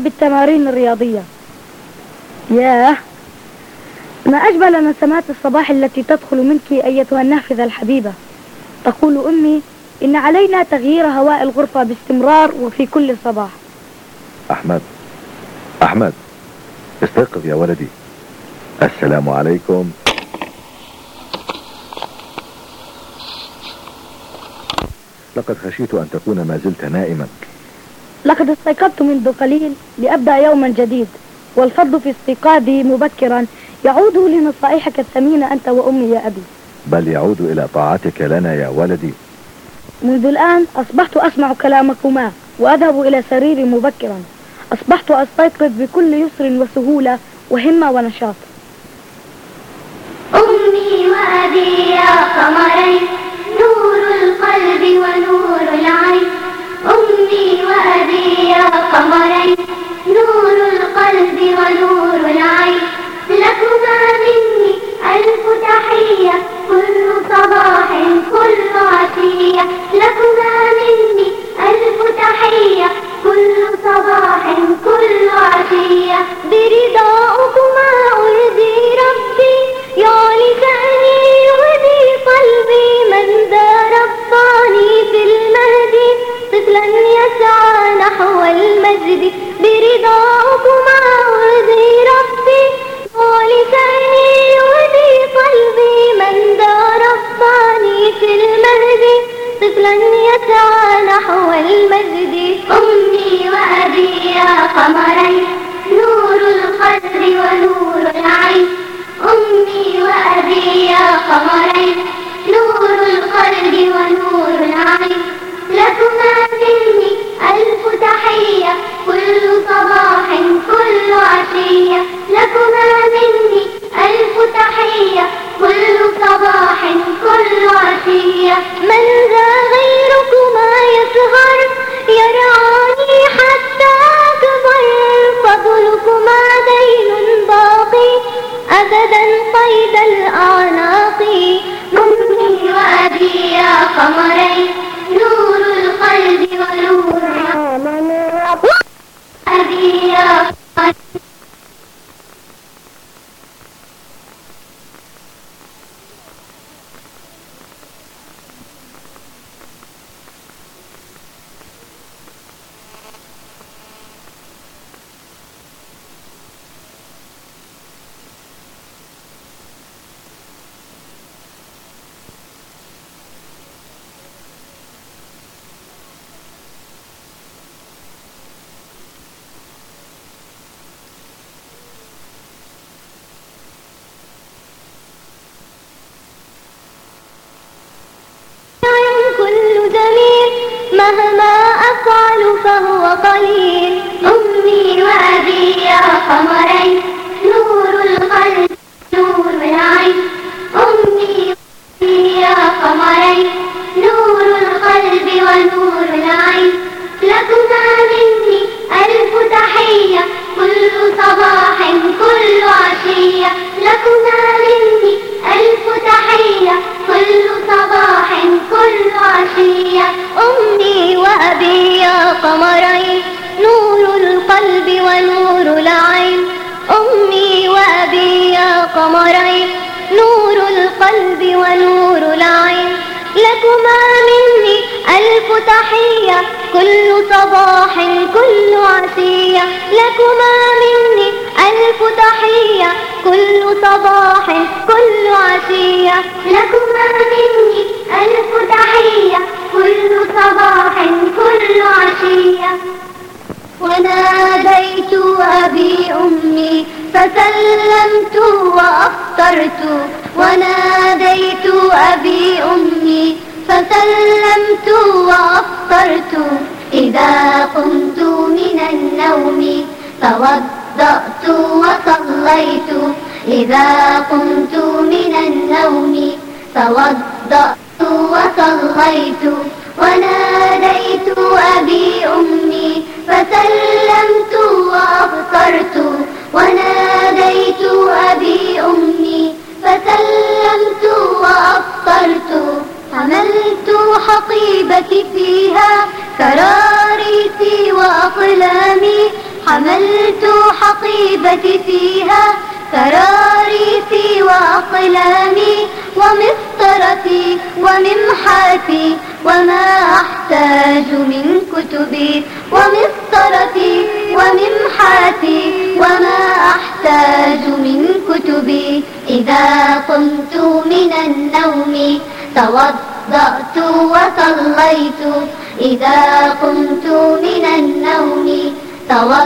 بالتمارين الرياضية ياه ما أجمل نسمات الصباح التي تدخل منك أيتها النافذة الحبيبة تقول أمي إن علينا تغيير هواء الغرفة باستمرار وفي كل صباح أحمد أحمد استيقظ يا ولدي السلام عليكم لقد خشيت أن تكون ما زلت نائما لقد استيقظت منذ قليل لأبدأ يوما جديد والفضل في استيقاظي مبكرا يعود لنصائحك الثمينة أنت وأمي يا أبي بل يعود إلى طاعتك لنا يا ولدي منذ الآن أصبحت أسمع كلامكما وأذهب إلى سريري مبكرا أصبحت أستيقظ بكل يسر وسهولة وهمة ونشاط أمي وأبي أمي وأبي يا قمرين نور القلب ونور العين أمي وأبي يا قمري نور القلب ونور العين لكما مني ألف تحية كل صباح كل عشية لكما مني আমার قليلا عقلي أمي وأبي يا قمرين نور القلب ونور العين أمي وأبي يا قمرين نور القلب ونور العين لكما مني ألف تحية كل صباح كل عشية لكما مني ألف تحية كل صباح كل عشية لكما سلمت وأفطرت وناديت أبي أمي فسلمت وأفطرت إذا قمت من النوم توضأت وصليت إذا قمت من النوم توضأت وصليت وناديت أبي أمي فسلمت وأفطرت وناديت كراريسي وأقلامي حملت حقيبتي فيها كراريسي وأقلامي ومسطرتي وممحاتي وما أحتاج من كتبي ومسطرتي وممحاتي وما أحتاج من كتبي إذا قمت من النوم توضأت وصليت إذا قمت من النوم